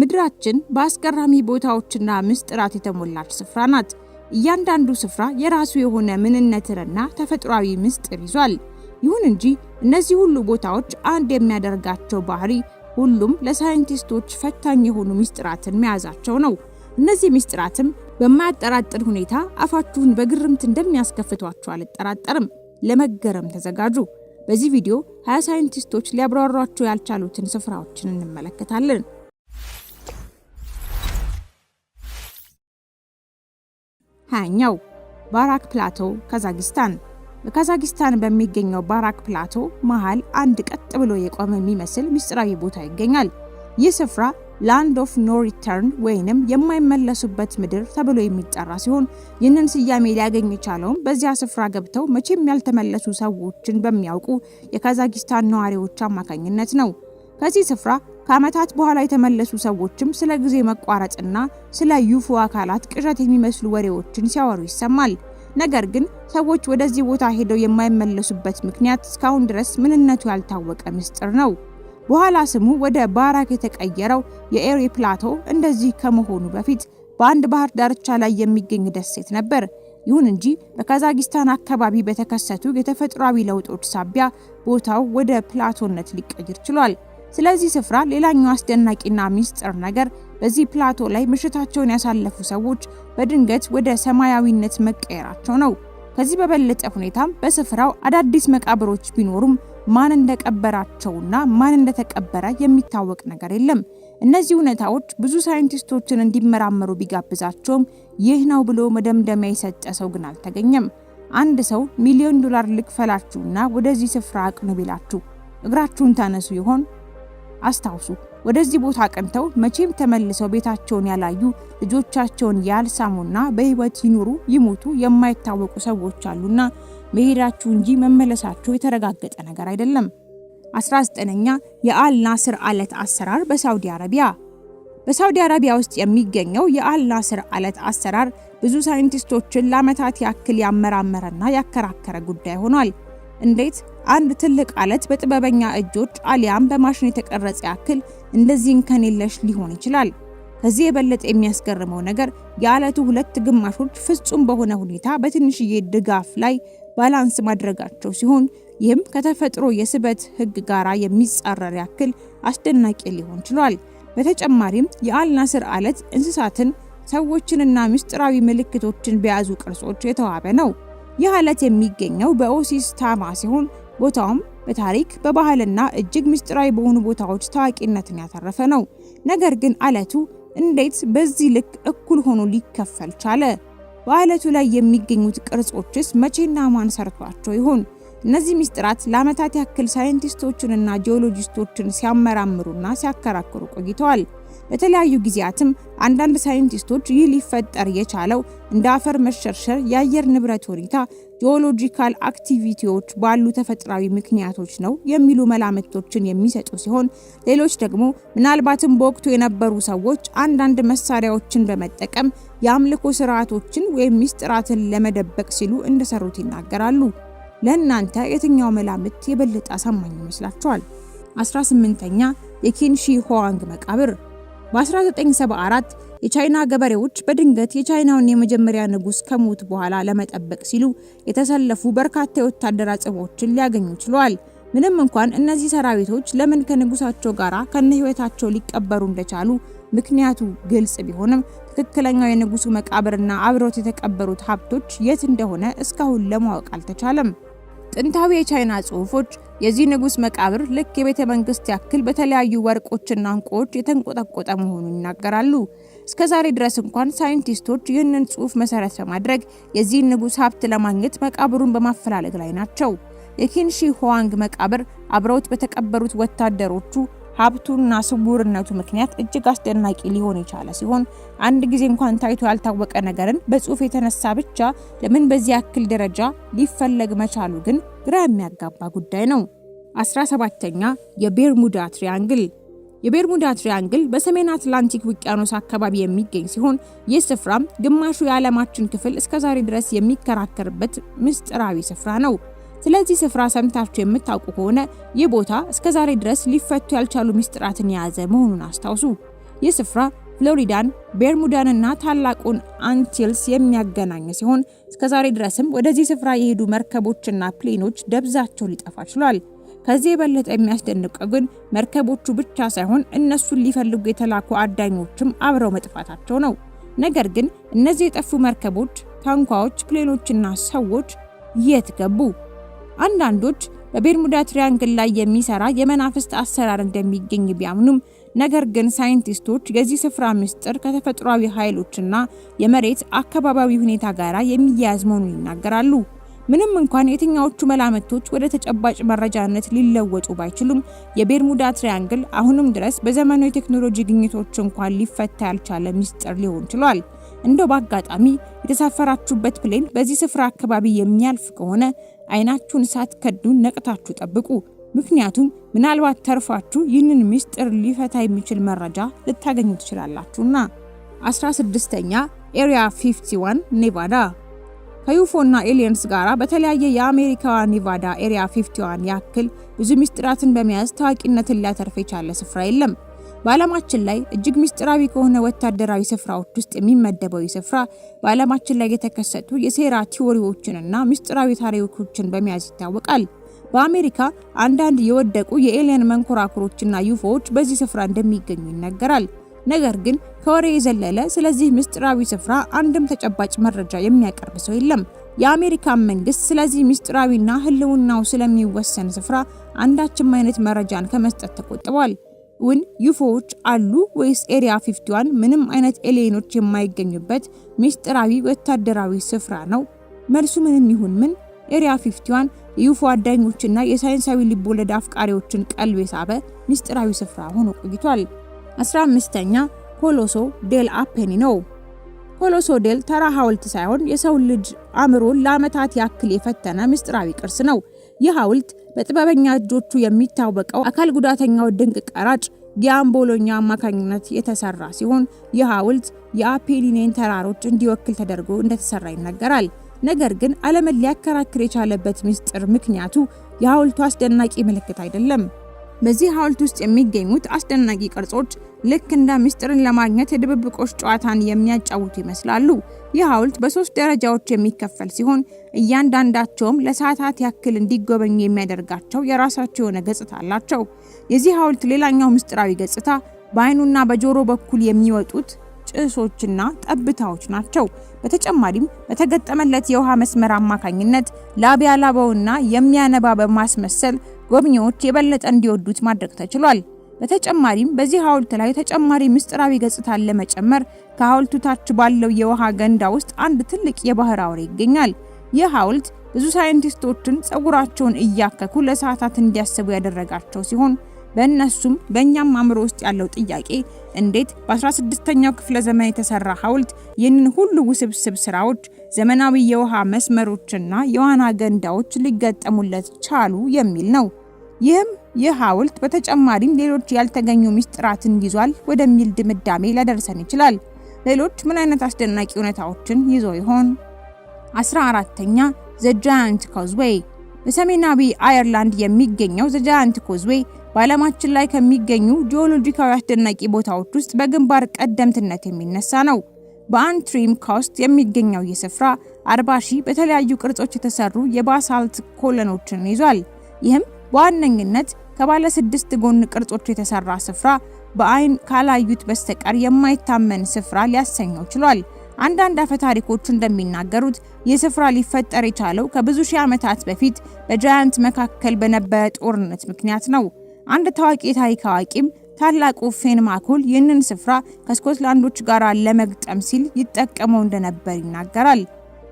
ምድራችን በአስገራሚ ቦታዎችና ምስጢራት የተሞላች ስፍራ ናት። እያንዳንዱ ስፍራ የራሱ የሆነ ምንነትንና ተፈጥሯዊ ምስጢር ይዟል። ይሁን እንጂ እነዚህ ሁሉ ቦታዎች አንድ የሚያደርጋቸው ባህሪ ሁሉም ለሳይንቲስቶች ፈታኝ የሆኑ ምስጢራትን መያዛቸው ነው። እነዚህ ምስጢራትም በማያጠራጥር ሁኔታ አፋችሁን በግርምት እንደሚያስከፍቷችሁ አልጠራጠርም። ለመገረም ተዘጋጁ። በዚህ ቪዲዮ ሀያ ሳይንቲስቶች ሊያብራሯቸው ያልቻሉትን ስፍራዎችን እንመለከታለን። ሀያኛው ባራክ ፕላቶ ካዛኪስታን። በካዛኪስታን በሚገኘው ባራክ ፕላቶ መሃል አንድ ቀጥ ብሎ የቆመ የሚመስል ምስጢራዊ ቦታ ይገኛል። ይህ ስፍራ ላንድ ኦፍ ኖ ሪተርን ወይንም የማይመለሱበት ምድር ተብሎ የሚጠራ ሲሆን ይህንን ስያሜ ሊያገኝ የቻለውም በዚያ ስፍራ ገብተው መቼም ያልተመለሱ ሰዎችን በሚያውቁ የካዛኪስታን ነዋሪዎች አማካኝነት ነው። ከዚህ ስፍራ ከዓመታት በኋላ የተመለሱ ሰዎችም ስለ ጊዜ መቋረጥና ስለ ዩፎ አካላት ቅዠት የሚመስሉ ወሬዎችን ሲያወሩ ይሰማል። ነገር ግን ሰዎች ወደዚህ ቦታ ሄደው የማይመለሱበት ምክንያት እስካሁን ድረስ ምንነቱ ያልታወቀ ምስጢር ነው። በኋላ ስሙ ወደ ባራክ የተቀየረው የኤሪ ፕላቶ እንደዚህ ከመሆኑ በፊት በአንድ ባህር ዳርቻ ላይ የሚገኝ ደሴት ነበር። ይሁን እንጂ በካዛኪስታን አካባቢ በተከሰቱ የተፈጥሯዊ ለውጦች ሳቢያ ቦታው ወደ ፕላቶነት ሊቀይር ችሏል። ስለዚህ ስፍራ ሌላኛው አስደናቂና ሚስጥር ነገር በዚህ ፕላቶ ላይ ምሽታቸውን ያሳለፉ ሰዎች በድንገት ወደ ሰማያዊነት መቀየራቸው ነው። ከዚህ በበለጠ ሁኔታም በስፍራው አዳዲስ መቃብሮች ቢኖሩም ማን እንደቀበራቸውና ማን እንደተቀበረ የሚታወቅ ነገር የለም። እነዚህ እውነታዎች ብዙ ሳይንቲስቶችን እንዲመራመሩ ቢጋብዛቸውም ይህ ነው ብሎ መደምደሚያ የሰጠ ሰው ግን አልተገኘም። አንድ ሰው ሚሊዮን ዶላር ልክፈላችሁና ወደዚህ ስፍራ አቅኑ ቢላችሁ እግራችሁን ታነሱ ይሆን? አስታውሱ። ወደዚህ ቦታ ቀንተው መቼም ተመልሰው ቤታቸውን ያላዩ ልጆቻቸውን ያልሳሙና በህይወት ይኑሩ ይሞቱ የማይታወቁ ሰዎች አሉና መሄዳችሁ እንጂ መመለሳችሁ የተረጋገጠ ነገር አይደለም። 19ኛ የአል ናስር አለት አሰራር በሳውዲ አረቢያ በሳውዲ አረቢያ ውስጥ የሚገኘው የአል ናስር አለት አሰራር ብዙ ሳይንቲስቶችን ለአመታት ያክል ያመራመረና ያከራከረ ጉዳይ ሆኗል። እንዴት አንድ ትልቅ አለት በጥበበኛ እጆች አሊያም በማሽን የተቀረጸ ያክል እንደዚህ እንከን የለሽ ሊሆን ይችላል? ከዚህ የበለጠ የሚያስገርመው ነገር የአለቱ ሁለት ግማሾች ፍጹም በሆነ ሁኔታ በትንሽዬ ድጋፍ ላይ ባላንስ ማድረጋቸው ሲሆን ይህም ከተፈጥሮ የስበት ህግ ጋር የሚጻረር ያክል አስደናቂ ሊሆን ችሏል። በተጨማሪም የአልናስር አለት እንስሳትን፣ ሰዎችንና ምስጢራዊ ምልክቶችን በያዙ ቅርጾች የተዋበ ነው። ይህ አለት የሚገኘው በኦሲስ ታማ ሲሆን ቦታውም በታሪክ በባህልና እጅግ ምስጢራዊ በሆኑ ቦታዎች ታዋቂነትን ያተረፈ ነው። ነገር ግን አለቱ እንዴት በዚህ ልክ እኩል ሆኖ ሊከፈል ቻለ? በአለቱ ላይ የሚገኙት ቅርጾችስ መቼና ማን ሰርቷቸው ይሆን? እነዚህ ምስጢራት ለዓመታት ያክል ሳይንቲስቶችንና ጂኦሎጂስቶችን ሲያመራምሩና ሲያከራክሩ ቆይተዋል። በተለያዩ ጊዜያትም አንዳንድ ሳይንቲስቶች ይህ ሊፈጠር የቻለው እንደ አፈር መሸርሸር፣ የአየር ንብረት ሁኔታ፣ ጂኦሎጂካል አክቲቪቲዎች ባሉ ተፈጥሯዊ ምክንያቶች ነው የሚሉ መላምቶችን የሚሰጡ ሲሆን ሌሎች ደግሞ ምናልባትም በወቅቱ የነበሩ ሰዎች አንዳንድ መሳሪያዎችን በመጠቀም የአምልኮ ስርዓቶችን ወይም ሚስጥራትን ለመደበቅ ሲሉ እንደሰሩት ይናገራሉ። ለእናንተ የትኛው መላምት የበለጠ አሳማኝ ይመስላችኋል? 18ኛ የኬንሺ ሆዋንግ መቃብር በ1974 የቻይና ገበሬዎች በድንገት የቻይናውን የመጀመሪያ ንጉስ ከሞት በኋላ ለመጠበቅ ሲሉ የተሰለፉ በርካታ የወታደር አጽሞችን ሊያገኙ ችለዋል። ምንም እንኳን እነዚህ ሰራዊቶች ለምን ከንጉሳቸው ጋር ከነ ህይወታቸው ሊቀበሩ እንደቻሉ ምክንያቱ ግልጽ ቢሆንም ትክክለኛው የንጉሱ መቃብርና አብረውት የተቀበሩት ሀብቶች የት እንደሆነ እስካሁን ለማወቅ አልተቻለም። ጥንታዊ የቻይና ጽሑፎች የዚህ ንጉሥ መቃብር ልክ የቤተ መንግስት ያክል በተለያዩ ወርቆችና እንቁዎች የተንቆጠቆጠ መሆኑን ይናገራሉ። እስከ ዛሬ ድረስ እንኳን ሳይንቲስቶች ይህንን ጽሑፍ መሰረት በማድረግ የዚህን ንጉሥ ሀብት ለማግኘት መቃብሩን በማፈላለግ ላይ ናቸው። የኪንሺ ሆዋንግ መቃብር አብረውት በተቀበሩት ወታደሮቹ ሀብቱና ስውርነቱ ምክንያት እጅግ አስደናቂ ሊሆን የቻለ ሲሆን አንድ ጊዜ እንኳን ታይቶ ያልታወቀ ነገርን በጽሁፍ የተነሳ ብቻ ለምን በዚህ ያክል ደረጃ ሊፈለግ መቻሉ ግን ግራ የሚያጋባ ጉዳይ ነው። 17ተኛ የቤርሙዳ ትሪያንግል የቤርሙዳ ትሪያንግል በሰሜን አትላንቲክ ውቅያኖስ አካባቢ የሚገኝ ሲሆን ይህ ስፍራም ግማሹ የዓለማችን ክፍል እስከዛሬ ድረስ የሚከራከርበት ምስጢራዊ ስፍራ ነው። ስለዚህ ስፍራ ሰምታችሁ የምታውቁ ከሆነ ይህ ቦታ እስከዛሬ ድረስ ሊፈቱ ያልቻሉ ሚስጥራትን የያዘ መሆኑን አስታውሱ። ይህ ስፍራ ፍሎሪዳን፣ ቤርሙዳንና ታላቁን አንቲልስ የሚያገናኝ ሲሆን እስከዛሬ ድረስም ወደዚህ ስፍራ የሄዱ መርከቦችና ፕሌኖች ደብዛቸው ሊጠፋ ችሏል። ከዚህ የበለጠ የሚያስደንቀው ግን መርከቦቹ ብቻ ሳይሆን እነሱን ሊፈልጉ የተላኩ አዳኞችም አብረው መጥፋታቸው ነው። ነገር ግን እነዚህ የጠፉ መርከቦች፣ ታንኳዎች፣ ፕሌኖችና ሰዎች የት ገቡ? አንዳንዶች በቤርሙዳ ትሪያንግል ላይ የሚሰራ የመናፍስት አሰራር እንደሚገኝ ቢያምኑም ነገር ግን ሳይንቲስቶች የዚህ ስፍራ ምስጢር ከተፈጥሯዊ ኃይሎችና የመሬት አካባቢያዊ ሁኔታ ጋር የሚያያዝ መሆኑን ይናገራሉ። ምንም እንኳን የትኛዎቹ መላምቶች ወደ ተጨባጭ መረጃነት ሊለወጡ ባይችሉም የቤርሙዳ ትሪያንግል አሁንም ድረስ በዘመናዊ ቴክኖሎጂ ግኝቶች እንኳን ሊፈታ ያልቻለ ምስጢር ሊሆን ችሏል። እንደው በአጋጣሚ የተሳፈራችሁበት ፕሌን በዚህ ስፍራ አካባቢ የሚያልፍ ከሆነ አይናችሁን ሳትከዱ ነቅታችሁ ጠብቁ። ምክንያቱም ምናልባት ተርፋችሁ ይህንን ምስጢር ሊፈታ የሚችል መረጃ ልታገኙ ትችላላችሁና። 16ኛ ኤሪያ 51 ኔቫዳ ከዩፎና ኤሊየንስ ጋር በተለያየ የአሜሪካዋ ኔቫዳ ኤሪያ 51 ያክል ብዙ ምስጢራትን በመያዝ ታዋቂነትን ሊያተርፍ የቻለ ስፍራ የለም። በዓለማችን ላይ እጅግ ምስጢራዊ ከሆነ ወታደራዊ ስፍራዎች ውስጥ የሚመደበው ስፍራ በዓለማችን ላይ የተከሰቱ የሴራ ቲዎሪዎችንና ምስጢራዊ ታሪኮችን በመያዝ ይታወቃል። በአሜሪካ አንዳንድ የወደቁ የኤሊየን መንኮራኩሮችና ዩፎዎች በዚህ ስፍራ እንደሚገኙ ይነገራል። ነገር ግን ከወሬ የዘለለ ስለዚህ ምስጢራዊ ስፍራ አንድም ተጨባጭ መረጃ የሚያቀርብ ሰው የለም። የአሜሪካን መንግስት ስለዚህ ምስጢራዊና ህልውናው ስለሚወሰን ስፍራ አንዳችም አይነት መረጃን ከመስጠት ተቆጥቧል። ውን ዩፎዎች አሉ ወይስ ኤሪያ 51 ምንም አይነት ኤሌኖች የማይገኙበት ምስጢራዊ ወታደራዊ ስፍራ ነው? መልሱ ምንም ይሁን ምን ኤሪያ 51 የዩፎ አዳኞችና የሳይንሳዊ ልቦለድ አፍቃሪዎችን ቀልብ የሳበ ምስጢራዊ ስፍራ ሆኖ ቆይቷል። 15ኛ ኮሎሶ ዴል አፔኒ ነው። ኮሎሶ ዴል ተራ ሐውልት ሳይሆን የሰው ልጅ አእምሮን ለዓመታት ያክል የፈተነ ምስጢራዊ ቅርስ ነው። ይህ ሐውልት በጥበበኛ እጆቹ የሚታወቀው አካል ጉዳተኛው ድንቅ ቀራጭ ጊያን ቦሎኛ አማካኝነት የተሰራ ሲሆን ይህ ሐውልት የአፔሊኔን ተራሮች እንዲወክል ተደርጎ እንደተሰራ ይነገራል። ነገር ግን ዓለምን ሊያከራክር የቻለበት ምስጢር ምክንያቱ የሐውልቱ አስደናቂ ምልክት አይደለም። በዚህ ሐውልት ውስጥ የሚገኙት አስደናቂ ቅርጾች ልክ እንደ ምስጢርን ለማግኘት የድብብቆች ጨዋታን የሚያጫውቱ ይመስላሉ። ይህ ሐውልት በሶስት ደረጃዎች የሚከፈል ሲሆን እያንዳንዳቸውም ለሰዓታት ያክል እንዲጎበኙ የሚያደርጋቸው የራሳቸው የሆነ ገጽታ አላቸው። የዚህ ሐውልት ሌላኛው ምስጢራዊ ገጽታ በአይኑና በጆሮ በኩል የሚወጡት ጭሶችና ጠብታዎች ናቸው። በተጨማሪም በተገጠመለት የውሃ መስመር አማካኝነት ላብ ያላበውና የሚያነባ በማስመሰል ጎብኚዎች የበለጠ እንዲወዱት ማድረግ ተችሏል። በተጨማሪም በዚህ ሐውልት ላይ ተጨማሪ ምስጢራዊ ገጽታን ለመጨመር ከሐውልቱ ታች ባለው የውሃ ገንዳ ውስጥ አንድ ትልቅ የባህር አውሬ ይገኛል። ይህ ሐውልት ብዙ ሳይንቲስቶችን ጸጉራቸውን እያከኩ ለሰዓታት እንዲያስቡ ያደረጋቸው ሲሆን በእነሱም በእኛም አእምሮ ውስጥ ያለው ጥያቄ እንዴት በ16ኛው ክፍለ ዘመን የተሰራ ሐውልት ይህንን ሁሉ ውስብስብ ስራዎች፣ ዘመናዊ የውሃ መስመሮችና የዋና ገንዳዎች ሊገጠሙለት ቻሉ የሚል ነው። ይህም ይህ ሐውልት በተጨማሪም ሌሎች ያልተገኙ ምስጢራትን ይዟል ወደሚል ድምዳሜ ሊያደርሰን ይችላል። ሌሎች ምን አይነት አስደናቂ እውነታዎችን ይዞ ይሆን? 14ኛ ዘ ጃያንት ኮዝዌይ በሰሜናዊ አየርላንድ የሚገኘው ዘ ጃያንት ኮዝዌይ በዓለማችን ላይ ከሚገኙ ጂኦሎጂካዊ አስደናቂ ቦታዎች ውስጥ በግንባር ቀደምትነት የሚነሳ ነው። በአንትሪም ካውስት የሚገኘው ይህ ስፍራ 40 ሺህ በተለያዩ ቅርጾች የተሰሩ የባሳልት ኮለኖችን ይዟል። ይህም በዋነኝነት ከባለ ስድስት ጎን ቅርጾች የተሰራ ስፍራ በአይን ካላዩት በስተቀር የማይታመን ስፍራ ሊያሰኘው ችሏል። አንዳንድ አፈ ታሪኮች እንደሚናገሩት ይህ ስፍራ ሊፈጠር የቻለው ከብዙ ሺህ ዓመታት በፊት በጃያንት መካከል በነበረ ጦርነት ምክንያት ነው። አንድ ታዋቂ የታሪክ አዋቂም ታላቁ ፌን ማኮል ይህንን ስፍራ ከስኮትላንዶች ጋር ለመግጠም ሲል ይጠቀመው እንደነበር ይናገራል።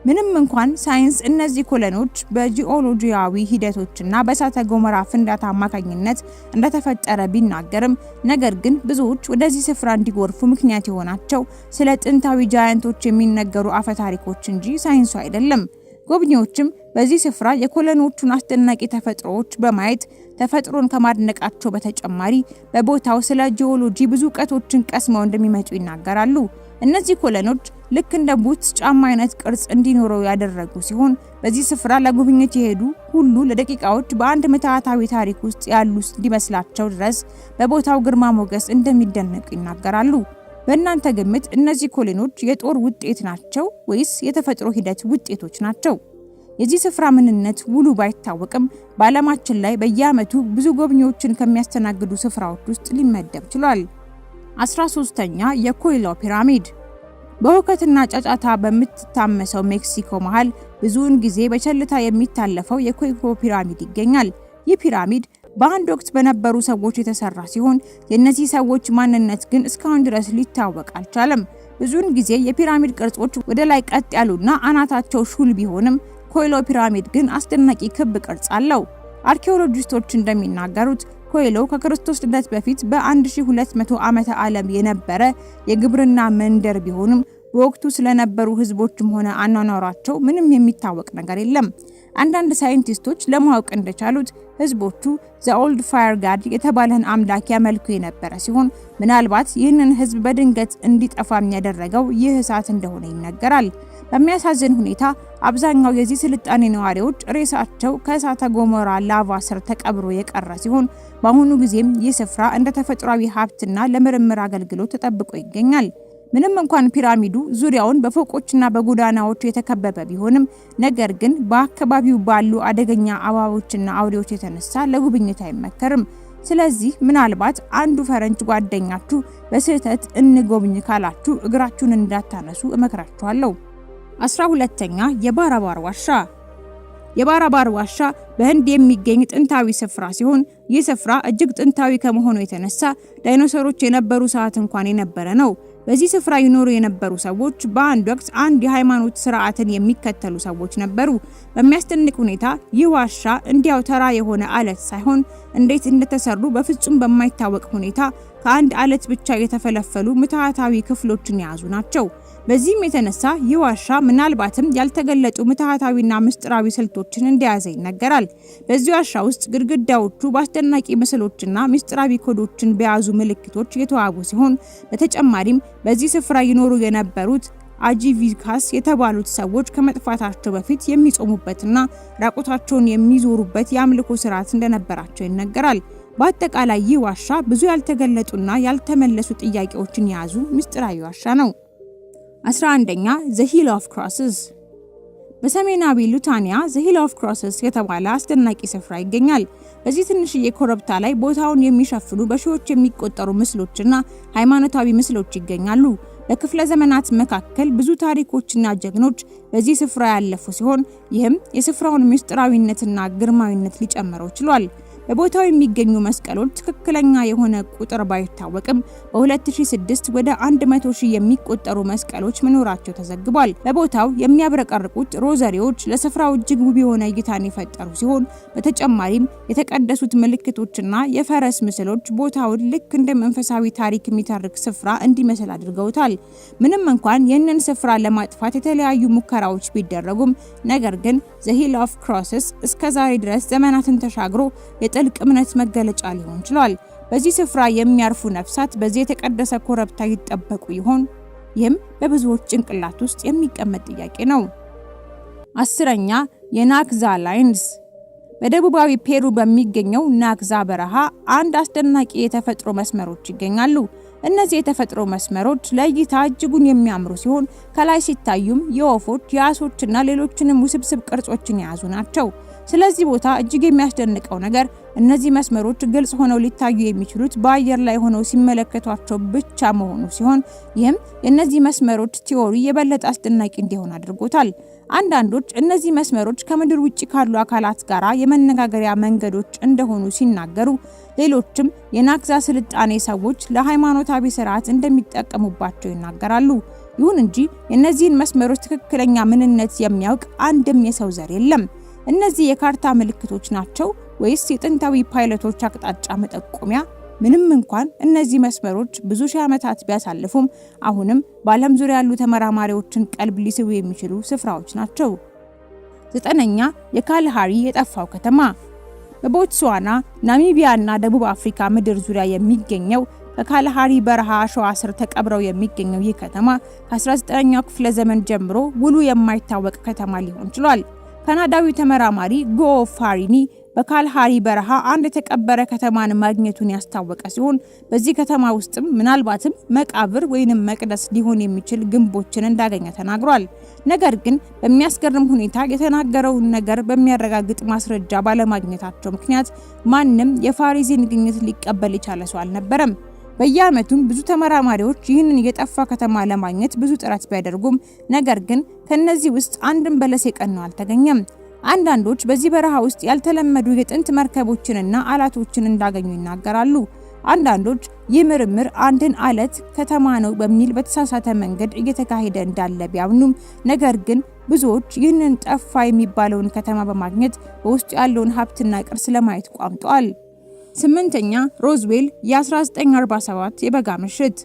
ምንም እንኳን ሳይንስ እነዚህ ኮለኖች በጂኦሎጂያዊ ሂደቶችና በእሳተ ገሞራ ፍንዳታ አማካኝነት እንደተፈጠረ ቢናገርም ነገር ግን ብዙዎች ወደዚህ ስፍራ እንዲጎርፉ ምክንያት የሆናቸው ስለ ጥንታዊ ጃያንቶች የሚነገሩ አፈ ታሪኮች እንጂ ሳይንሱ አይደለም። ጎብኚዎችም በዚህ ስፍራ የኮለኖቹን አስደናቂ ተፈጥሮዎች በማየት ተፈጥሮን ከማድነቃቸው በተጨማሪ በቦታው ስለ ጂኦሎጂ ብዙ እውቀቶችን ቀስመው እንደሚመጡ ይናገራሉ። እነዚህ ኮለኖች ልክ እንደ ቡትስ ጫማ አይነት ቅርጽ እንዲኖረው ያደረጉ ሲሆን በዚህ ስፍራ ለጉብኝት የሄዱ ሁሉ ለደቂቃዎች በአንድ ምትሃታዊ ታሪክ ውስጥ ያሉ እንዲመስላቸው ድረስ በቦታው ግርማ ሞገስ እንደሚደነቅ ይናገራሉ። በእናንተ ግምት እነዚህ ኮሊኖች የጦር ውጤት ናቸው ወይስ የተፈጥሮ ሂደት ውጤቶች ናቸው? የዚህ ስፍራ ምንነት ውሉ ባይታወቅም በዓለማችን ላይ በየዓመቱ ብዙ ጎብኚዎችን ከሚያስተናግዱ ስፍራዎች ውስጥ ሊመደብ ችሏል። 13ኛ የኮይሎ ፒራሚድ በሁከትና ጫጫታ በምትታመሰው ሜክሲኮ መሃል ብዙውን ጊዜ በቸልታ የሚታለፈው የኮይሎ ፒራሚድ ይገኛል። ይህ ፒራሚድ በአንድ ወቅት በነበሩ ሰዎች የተሰራ ሲሆን የእነዚህ ሰዎች ማንነት ግን እስካሁን ድረስ ሊታወቅ አልቻለም። ብዙውን ጊዜ የፒራሚድ ቅርጾች ወደ ላይ ቀጥ ያሉና አናታቸው ሹል ቢሆንም ኮይሎ ፒራሚድ ግን አስደናቂ ክብ ቅርጽ አለው። አርኪኦሎጂስቶች እንደሚናገሩት ኮይሎ ከክርስቶስ ልደት በፊት በ1200 ዓመተ ዓለም የነበረ የግብርና መንደር ቢሆንም በወቅቱ ስለነበሩ ህዝቦችም ሆነ አኗኗሯቸው ምንም የሚታወቅ ነገር የለም። አንዳንድ ሳይንቲስቶች ለማወቅ እንደቻሉት ህዝቦቹ ኦልድ ፋየር ጋድ የተባለን አምላክ ያመልኩ የነበረ ሲሆን ምናልባት ይህንን ህዝብ በድንገት እንዲጠፋ ያደረገው ይህ እሳት እንደሆነ ይነገራል። በሚያሳዝን ሁኔታ አብዛኛው የዚህ ስልጣኔ ነዋሪዎች ሬሳቸው ከእሳተ ገሞራ ላቫ ስር ተቀብሮ የቀረ ሲሆን በአሁኑ ጊዜም ይህ ስፍራ እንደ ተፈጥሯዊ ሀብትና ለምርምር አገልግሎት ተጠብቆ ይገኛል። ምንም እንኳን ፒራሚዱ ዙሪያውን በፎቆችና በጎዳናዎች የተከበበ ቢሆንም ነገር ግን በአካባቢው ባሉ አደገኛ አባቦችና አውሬዎች የተነሳ ለጉብኝት አይመከርም። ስለዚህ ምናልባት አንዱ ፈረንጅ ጓደኛችሁ በስህተት እንጎብኝ ካላችሁ እግራችሁን እንዳታነሱ እመክራችኋለሁ። አስራ ሁለተኛ የባራባር ዋሻ የባራባር ዋሻ በህንድ የሚገኝ ጥንታዊ ስፍራ ሲሆን ይህ ስፍራ እጅግ ጥንታዊ ከመሆኑ የተነሳ ዳይኖሰሮች የነበሩ ሰዓት እንኳን የነበረ ነው። በዚህ ስፍራ ይኖሩ የነበሩ ሰዎች በአንድ ወቅት አንድ የሃይማኖት ስርዓትን የሚከተሉ ሰዎች ነበሩ። በሚያስደንቅ ሁኔታ ይህ ዋሻ እንዲያው ተራ የሆነ አለት ሳይሆን እንዴት እንደተሰሩ በፍጹም በማይታወቅ ሁኔታ ከአንድ አለት ብቻ የተፈለፈሉ ምትሃታዊ ክፍሎችን የያዙ ናቸው። በዚህም የተነሳ ይህ ዋሻ ምናልባትም ያልተገለጡ ምትሃታዊና ምስጢራዊ ስልቶችን እንደያዘ ይነገራል። በዚህ ዋሻ ውስጥ ግድግዳዎቹ በአስደናቂ ምስሎችና ምስጢራዊ ኮዶችን በያዙ ምልክቶች የተዋቡ ሲሆን በተጨማሪም በዚህ ስፍራ ይኖሩ የነበሩት አጂቪካስ የተባሉት ሰዎች ከመጥፋታቸው በፊት የሚጾሙበትና ራቁታቸውን የሚዞሩበት የአምልኮ ስርዓት እንደነበራቸው ይነገራል። በአጠቃላይ ይህ ዋሻ ብዙ ያልተገለጡና ያልተመለሱ ጥያቄዎችን የያዙ ምስጢራዊ ዋሻ ነው። 11ኛ ዘ ሂል ኦፍ ክሮስስ በሰሜናዊ ሉታኒያ ዘ ሂል ኦፍ ክሮስስ የተባለ አስደናቂ ስፍራ ይገኛል። በዚህ ትንሽዬ ኮረብታ ላይ ቦታውን የሚሸፍኑ በሺዎች የሚቆጠሩ ምስሎችና ሃይማኖታዊ ምስሎች ይገኛሉ። በክፍለ ዘመናት መካከል ብዙ ታሪኮችና ጀግኖች በዚህ ስፍራ ያለፉ ሲሆን ይህም የስፍራውን ምስጢራዊነትና ግርማዊነት ሊጨምረው ችሏል። በቦታው የሚገኙ መስቀሎች ትክክለኛ የሆነ ቁጥር ባይታወቅም በ2006 ወደ 100 ሺህ የሚቆጠሩ መስቀሎች መኖራቸው ተዘግቧል። በቦታው የሚያብረቀርቁት ሮዘሪዎች ለስፍራው እጅግ ውብ የሆነ እይታን የፈጠሩ ሲሆን በተጨማሪም የተቀደሱት ምልክቶችና የፈረስ ምስሎች ቦታውን ልክ እንደ መንፈሳዊ ታሪክ የሚተርክ ስፍራ እንዲመስል አድርገውታል። ምንም እንኳን ይህንን ስፍራ ለማጥፋት የተለያዩ ሙከራዎች ቢደረጉም ነገር ግን ዘ ሂል ኦፍ ክሮስስ እስከ ዛሬ ድረስ ዘመናትን ተሻግሮ የጥልቅ እምነት መገለጫ ሊሆን ችሏል። በዚህ ስፍራ የሚያርፉ ነፍሳት በዚህ የተቀደሰ ኮረብታ ይጠበቁ ይሆን? ይህም በብዙዎች ጭንቅላት ውስጥ የሚቀመጥ ጥያቄ ነው። አስረኛ የናክዛ ላይንስ በደቡባዊ ፔሩ በሚገኘው ናክዛ በረሃ አንድ አስደናቂ የተፈጥሮ መስመሮች ይገኛሉ። እነዚህ የተፈጥሮ መስመሮች ለእይታ እጅጉን የሚያምሩ ሲሆን ከላይ ሲታዩም የወፎች የአሶችና ሌሎችንም ውስብስብ ቅርጾችን የያዙ ናቸው። ስለዚህ ቦታ እጅግ የሚያስደንቀው ነገር እነዚህ መስመሮች ግልጽ ሆነው ሊታዩ የሚችሉት በአየር ላይ ሆነው ሲመለከቷቸው ብቻ መሆኑ ሲሆን ይህም የእነዚህ መስመሮች ቲዎሪ የበለጠ አስደናቂ እንዲሆን አድርጎታል። አንዳንዶች እነዚህ መስመሮች ከምድር ውጭ ካሉ አካላት ጋር የመነጋገሪያ መንገዶች እንደሆኑ ሲናገሩ፣ ሌሎችም የናክዛ ስልጣኔ ሰዎች ለሃይማኖታዊ ስርዓት እንደሚጠቀሙባቸው ይናገራሉ። ይሁን እንጂ የእነዚህን መስመሮች ትክክለኛ ምንነት የሚያውቅ አንድም የሰው ዘር የለም። እነዚህ የካርታ ምልክቶች ናቸው ወይስ የጥንታዊ ፓይለቶች አቅጣጫ መጠቆሚያ? ምንም እንኳን እነዚህ መስመሮች ብዙ ሺህ ዓመታት ቢያሳልፉም አሁንም በዓለም ዙሪያ ያሉ ተመራማሪዎችን ቀልብ ሊስቡ የሚችሉ ስፍራዎች ናቸው። ዘጠነኛ የካልሃሪ የጠፋው ከተማ በቦትስዋና ናሚቢያና ደቡብ አፍሪካ ምድር ዙሪያ የሚገኘው ከካልሃሪ በረሃ አሸዋ ስር ተቀብረው የሚገኘው ይህ ከተማ ከ19ኛው ክፍለ ዘመን ጀምሮ ውሉ የማይታወቅ ከተማ ሊሆን ችሏል። ካናዳዊ ተመራማሪ ጎ ፋሪኒ በካልሃሪ በረሃ አንድ የተቀበረ ከተማን ማግኘቱን ያስታወቀ ሲሆን በዚህ ከተማ ውስጥም ምናልባትም መቃብር ወይንም መቅደስ ሊሆን የሚችል ግንቦችን እንዳገኘ ተናግሯል። ነገር ግን በሚያስገርም ሁኔታ የተናገረውን ነገር በሚያረጋግጥ ማስረጃ ባለማግኘታቸው ምክንያት ማንም የፋሪዜን ግኝት ሊቀበል የቻለ ሰው አልነበረም። በየዓመቱም ብዙ ተመራማሪዎች ይህንን የጠፋ ከተማ ለማግኘት ብዙ ጥረት ቢያደርጉም ነገር ግን ከነዚህ ውስጥ አንድም በለስ የቀነው አልተገኘም። አንዳንዶች በዚህ በረሃ ውስጥ ያልተለመዱ የጥንት መርከቦችንና አላቶችን እንዳገኙ ይናገራሉ። አንዳንዶች ይህ ምርምር አንድን አለት ከተማ ነው በሚል በተሳሳተ መንገድ እየተካሄደ እንዳለ ቢያምኑም፣ ነገር ግን ብዙዎች ይህንን ጠፋ የሚባለውን ከተማ በማግኘት በውስጡ ያለውን ሀብትና ቅርስ ለማየት ቋምጠዋል። ስምንተኛ ሮዝዌል የ1947 የበጋ ምሽት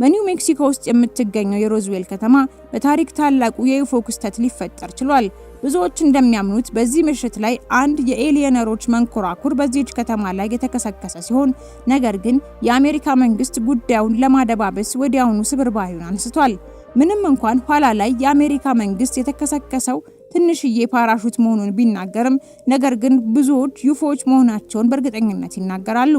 በኒው ሜክሲኮ ውስጥ የምትገኘው የሮዝዌል ከተማ በታሪክ ታላቁ የዩፎ ክስተት ሊፈጠር ችሏል። ብዙዎች እንደሚያምኑት በዚህ ምሽት ላይ አንድ የኤሊየነሮች መንኮራኩር በዚህች ከተማ ላይ የተከሰከሰ ሲሆን ነገር ግን የአሜሪካ መንግስት ጉዳዩን ለማደባበስ ወዲያውኑ ስብርባዩን አንስቷል። ምንም እንኳን ኋላ ላይ የአሜሪካ መንግስት የተከሰከሰው ትንሽዬ ፓራሹት መሆኑን ቢናገርም ነገር ግን ብዙዎች ዩፎዎች መሆናቸውን በእርግጠኝነት ይናገራሉ።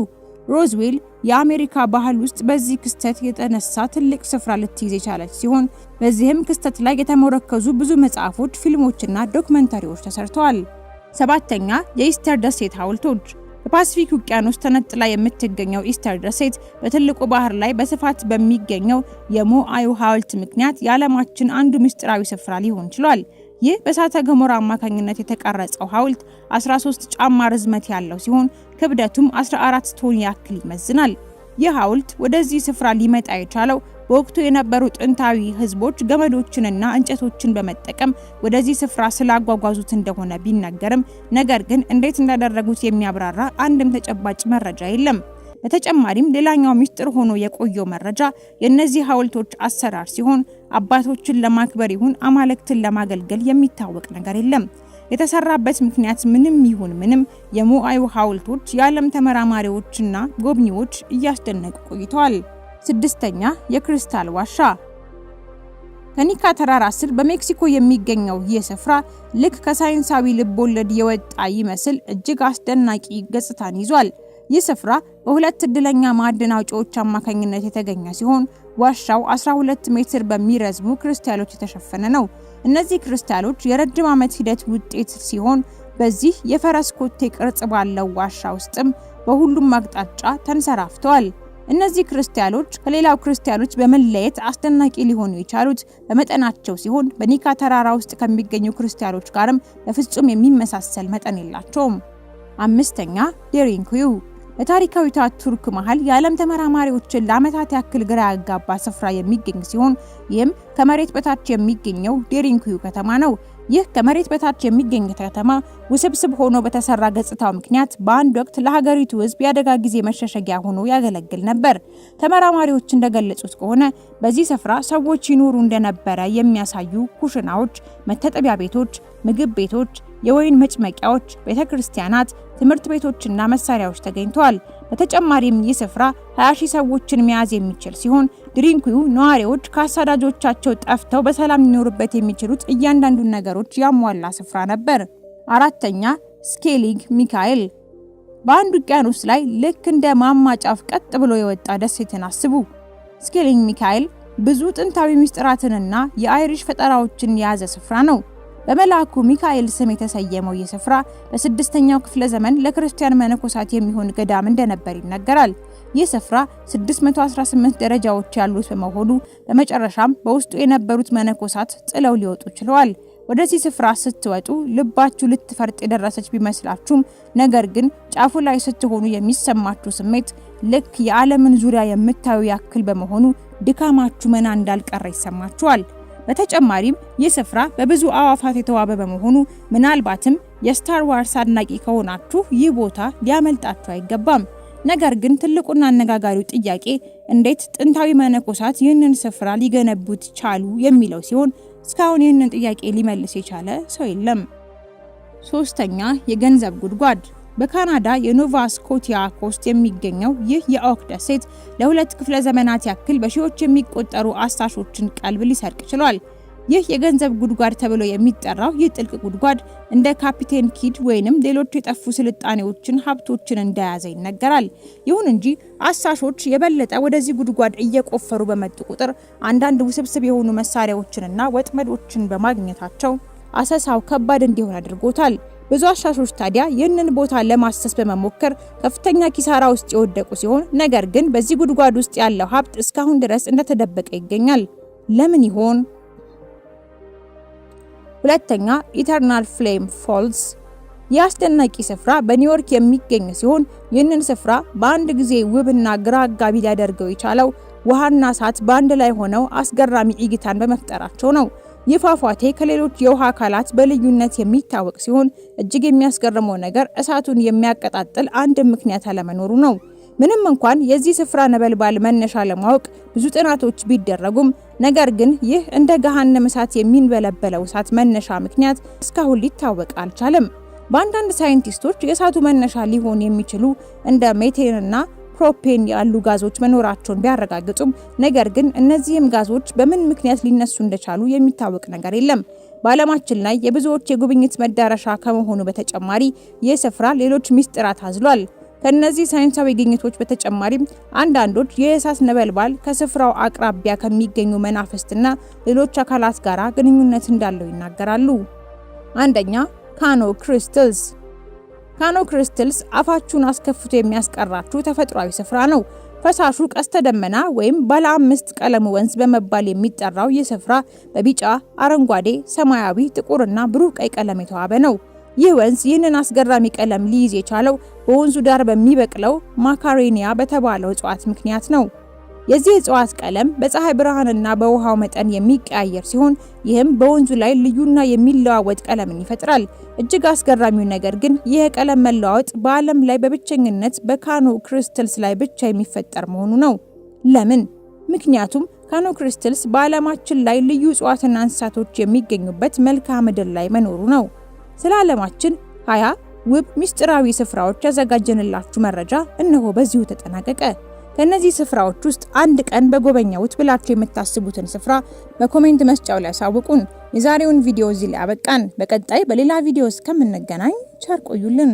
ሮዝዌል የአሜሪካ ባህል ውስጥ በዚህ ክስተት የተነሳ ትልቅ ስፍራ ልትይዝ የቻለች ሲሆን በዚህም ክስተት ላይ የተሞረከዙ ብዙ መጽሐፎች፣ ፊልሞችና ዶክመንታሪዎች ተሰርተዋል። ሰባተኛ የኢስተር ደሴት ሐውልቶች በፓሲፊክ ውቅያኖስ ተነጥላ የምትገኘው ኢስተር ደሴት በትልቁ ባህር ላይ በስፋት በሚገኘው የሞአዩ ሐውልት ምክንያት የዓለማችን አንዱ ምስጢራዊ ስፍራ ሊሆን ችሏል። ይህ በእሳተ ገሞራ አማካኝነት የተቀረጸው ሐውልት 13 ጫማ ርዝመት ያለው ሲሆን ክብደቱም 14 ቶን ያክል ይመዝናል። ይህ ሐውልት ወደዚህ ስፍራ ሊመጣ የቻለው በወቅቱ የነበሩ ጥንታዊ ህዝቦች ገመዶችንና እንጨቶችን በመጠቀም ወደዚህ ስፍራ ስላጓጓዙት እንደሆነ ቢነገርም ነገር ግን እንዴት እንዳደረጉት የሚያብራራ አንድም ተጨባጭ መረጃ የለም። በተጨማሪም ሌላኛው ሚስጥር ሆኖ የቆየው መረጃ የእነዚህ ሐውልቶች አሰራር ሲሆን አባቶችን ለማክበር ይሁን አማልክትን ለማገልገል የሚታወቅ ነገር የለም። የተሰራበት ምክንያት ምንም ይሁን ምንም የሞአዩ ሐውልቶች የዓለም ተመራማሪዎችና ጎብኚዎች እያስደነቁ ቆይተዋል። ስድስተኛ የክሪስታል ዋሻ ከኒካ ተራራ ስር በሜክሲኮ የሚገኘው ይህ ስፍራ ልክ ከሳይንሳዊ ልብ ወለድ የወጣ ይመስል እጅግ አስደናቂ ገጽታን ይዟል። ይህ ስፍራ በሁለት እድለኛ ማዕድን አውጪዎች አማካኝነት የተገኘ ሲሆን ዋሻው 12 ሜትር በሚረዝሙ ክሪስታሎች የተሸፈነ ነው። እነዚህ ክሪስታሎች የረጅም ዓመት ሂደት ውጤት ሲሆን በዚህ የፈረስ ኮቴ ቅርጽ ባለው ዋሻ ውስጥም በሁሉም አቅጣጫ ተንሰራፍተዋል። እነዚህ ክርስታሎች ከሌላው ክርስታሎች በመለየት አስደናቂ ሊሆኑ የቻሉት በመጠናቸው ሲሆን በኒካ ተራራ ውስጥ ከሚገኙ ክርስታሎች ጋርም በፍጹም የሚመሳሰል መጠን የላቸውም። አምስተኛ ዴሪንኩዩ በታሪካዊቷ ቱርክ መሀል የዓለም ተመራማሪዎችን ለዓመታት ያክል ግራ ያጋባ ስፍራ የሚገኝ ሲሆን ይህም ከመሬት በታች የሚገኘው ዴሪንኩዩ ከተማ ነው። ይህ ከመሬት በታች የሚገኝ ከተማ ውስብስብ ሆኖ በተሰራ ገጽታው ምክንያት በአንድ ወቅት ለሀገሪቱ ሕዝብ የአደጋ ጊዜ መሸሸጊያ ሆኖ ያገለግል ነበር። ተመራማሪዎች እንደገለጹት ከሆነ በዚህ ስፍራ ሰዎች ይኖሩ እንደነበረ የሚያሳዩ ኩሽናዎች፣ መታጠቢያ ቤቶች፣ ምግብ ቤቶች የወይን መጭመቂያዎች፣ ቤተ ክርስቲያናት፣ ትምህርት ቤቶችና መሳሪያዎች ተገኝተዋል። በተጨማሪም ይህ ስፍራ 20 ሺህ ሰዎችን መያዝ የሚችል ሲሆን ድሪንኩዩ ነዋሪዎች ከአሳዳጆቻቸው ጠፍተው በሰላም ሊኖሩበት የሚችሉት እያንዳንዱን ነገሮች ያሟላ ስፍራ ነበር። አራተኛ ስኬሊግ ሚካኤል በአንድ ውቅያኖስ ላይ ልክ እንደ ማማ ጫፍ ቀጥ ብሎ የወጣ ደሴትን አስቡ። ስኬሊንግ ሚካኤል ብዙ ጥንታዊ ምስጢራትንና የአይሪሽ ፈጠራዎችን የያዘ ስፍራ ነው። በመልአኩ ሚካኤል ስም የተሰየመው ይህ ስፍራ በስድስተኛው ክፍለ ዘመን ለክርስቲያን መነኮሳት የሚሆን ገዳም እንደነበር ይነገራል። ይህ ስፍራ 618 ደረጃዎች ያሉት በመሆኑ በመጨረሻም በውስጡ የነበሩት መነኮሳት ጥለው ሊወጡ ችለዋል። ወደዚህ ስፍራ ስትወጡ ልባችሁ ልትፈርጥ የደረሰች ቢመስላችሁም ነገር ግን ጫፉ ላይ ስትሆኑ የሚሰማችሁ ስሜት ልክ የዓለምን ዙሪያ የምታዩ ያክል በመሆኑ ድካማችሁ መና እንዳልቀረ ይሰማችኋል። በተጨማሪም ይህ ስፍራ በብዙ አዋፋት የተዋበ በመሆኑ ምናልባትም የስታር ዋርስ አድናቂ ከሆናችሁ ይህ ቦታ ሊያመልጣችሁ አይገባም። ነገር ግን ትልቁና አነጋጋሪው ጥያቄ እንዴት ጥንታዊ መነኮሳት ይህንን ስፍራ ሊገነቡት ቻሉ የሚለው ሲሆን እስካሁን ይህንን ጥያቄ ሊመልስ የቻለ ሰው የለም። ሶስተኛ የገንዘብ ጉድጓድ በካናዳ የኖቫ ስኮቲያ ኮስት የሚገኘው ይህ የኦክ ደሴት ለሁለት ክፍለ ዘመናት ያክል በሺዎች የሚቆጠሩ አሳሾችን ቀልብ ሊሰርቅ ችሏል። ይህ የገንዘብ ጉድጓድ ተብሎ የሚጠራው ይህ ጥልቅ ጉድጓድ እንደ ካፒቴን ኪድ ወይንም ሌሎች የጠፉ ስልጣኔዎችን ሀብቶችን እንደያዘ ይነገራል። ይሁን እንጂ አሳሾች የበለጠ ወደዚህ ጉድጓድ እየቆፈሩ በመጡ ቁጥር አንዳንድ ውስብስብ የሆኑ መሳሪያዎችንና ወጥመዶችን በማግኘታቸው አሰሳው ከባድ እንዲሆን አድርጎታል። ብዙ አሻሾች ታዲያ ይህንን ቦታ ለማሰስ በመሞከር ከፍተኛ ኪሳራ ውስጥ የወደቁ ሲሆን ነገር ግን በዚህ ጉድጓድ ውስጥ ያለው ሀብት እስካሁን ድረስ እንደተደበቀ ይገኛል። ለምን ይሆን? ሁለተኛ ኢተርናል ፍሌም ፎልስ። ይህ አስደናቂ ስፍራ በኒውዮርክ የሚገኝ ሲሆን ይህንን ስፍራ በአንድ ጊዜ ውብና ግራ አጋቢ ሊያደርገው የቻለው ውሃና እሳት በአንድ ላይ ሆነው አስገራሚ እይታን በመፍጠራቸው ነው። ይህ ፏፏቴ ከሌሎች የውሃ አካላት በልዩነት የሚታወቅ ሲሆን እጅግ የሚያስገርመው ነገር እሳቱን የሚያቀጣጥል አንድ ምክንያት አለመኖሩ ነው። ምንም እንኳን የዚህ ስፍራ ነበልባል መነሻ ለማወቅ ብዙ ጥናቶች ቢደረጉም ነገር ግን ይህ እንደ ገሃነም እሳት የሚንበለበለው እሳት መነሻ ምክንያት እስካሁን ሊታወቅ አልቻለም። በአንዳንድ ሳይንቲስቶች የእሳቱ መነሻ ሊሆን የሚችሉ እንደ ሜቴንና ፕሮፔን ያሉ ጋዞች መኖራቸውን ቢያረጋግጡም ነገር ግን እነዚህም ጋዞች በምን ምክንያት ሊነሱ እንደቻሉ የሚታወቅ ነገር የለም። በዓለማችን ላይ የብዙዎች የጉብኝት መዳረሻ ከመሆኑ በተጨማሪ ይህ ስፍራ ሌሎች ሚስጥራት አዝሏል። ከእነዚህ ሳይንሳዊ ግኝቶች በተጨማሪም አንዳንዶች የእሳት ነበልባል ከስፍራው አቅራቢያ ከሚገኙ መናፍስትና ሌሎች አካላት ጋር ግንኙነት እንዳለው ይናገራሉ። አንደኛ ካኖ ክሪስተልስ ካኖ ክሪስታልስ አፋችሁን አስከፍቶ የሚያስቀራችሁ ተፈጥሯዊ ስፍራ ነው። ፈሳሹ ቀስተ ደመና ወይም ባለ አምስት ቀለም ወንዝ በመባል የሚጠራው ይህ ስፍራ በቢጫ፣ አረንጓዴ፣ ሰማያዊ፣ ጥቁርና ብሩህ ቀይ ቀለም የተዋበ ነው። ይህ ወንዝ ይህንን አስገራሚ ቀለም ሊይዝ የቻለው በወንዙ ዳር በሚበቅለው ማካሬኒያ በተባለው እጽዋት ምክንያት ነው። የዚህ እጽዋት ቀለም በፀሐይ ብርሃንና በውሃው መጠን የሚቀያየር ሲሆን ይህም በወንዙ ላይ ልዩና የሚለዋወጥ ቀለምን ይፈጥራል። እጅግ አስገራሚው ነገር ግን ይህ ቀለም መለዋወጥ በዓለም ላይ በብቸኝነት በካኖ ክሪስተልስ ላይ ብቻ የሚፈጠር መሆኑ ነው። ለምን? ምክንያቱም ካኖ ክሪስተልስ በዓለማችን ላይ ልዩ እጽዋትና እንስሳቶች የሚገኙበት መልክዓ ምድር ላይ መኖሩ ነው። ስለ ዓለማችን ሀያ ውብ ምስጢራዊ ስፍራዎች ያዘጋጀንላችሁ መረጃ እነሆ በዚሁ ተጠናቀቀ። ከእነዚህ ስፍራዎች ውስጥ አንድ ቀን በጎበኛውት ብላችሁ የምታስቡትን ስፍራ በኮሜንት መስጫው ላይ አሳውቁን። የዛሬውን ቪዲዮ እዚህ ላይ አበቃን። በቀጣይ በሌላ ቪዲዮ እስከምንገናኝ ቸር ቆዩልን።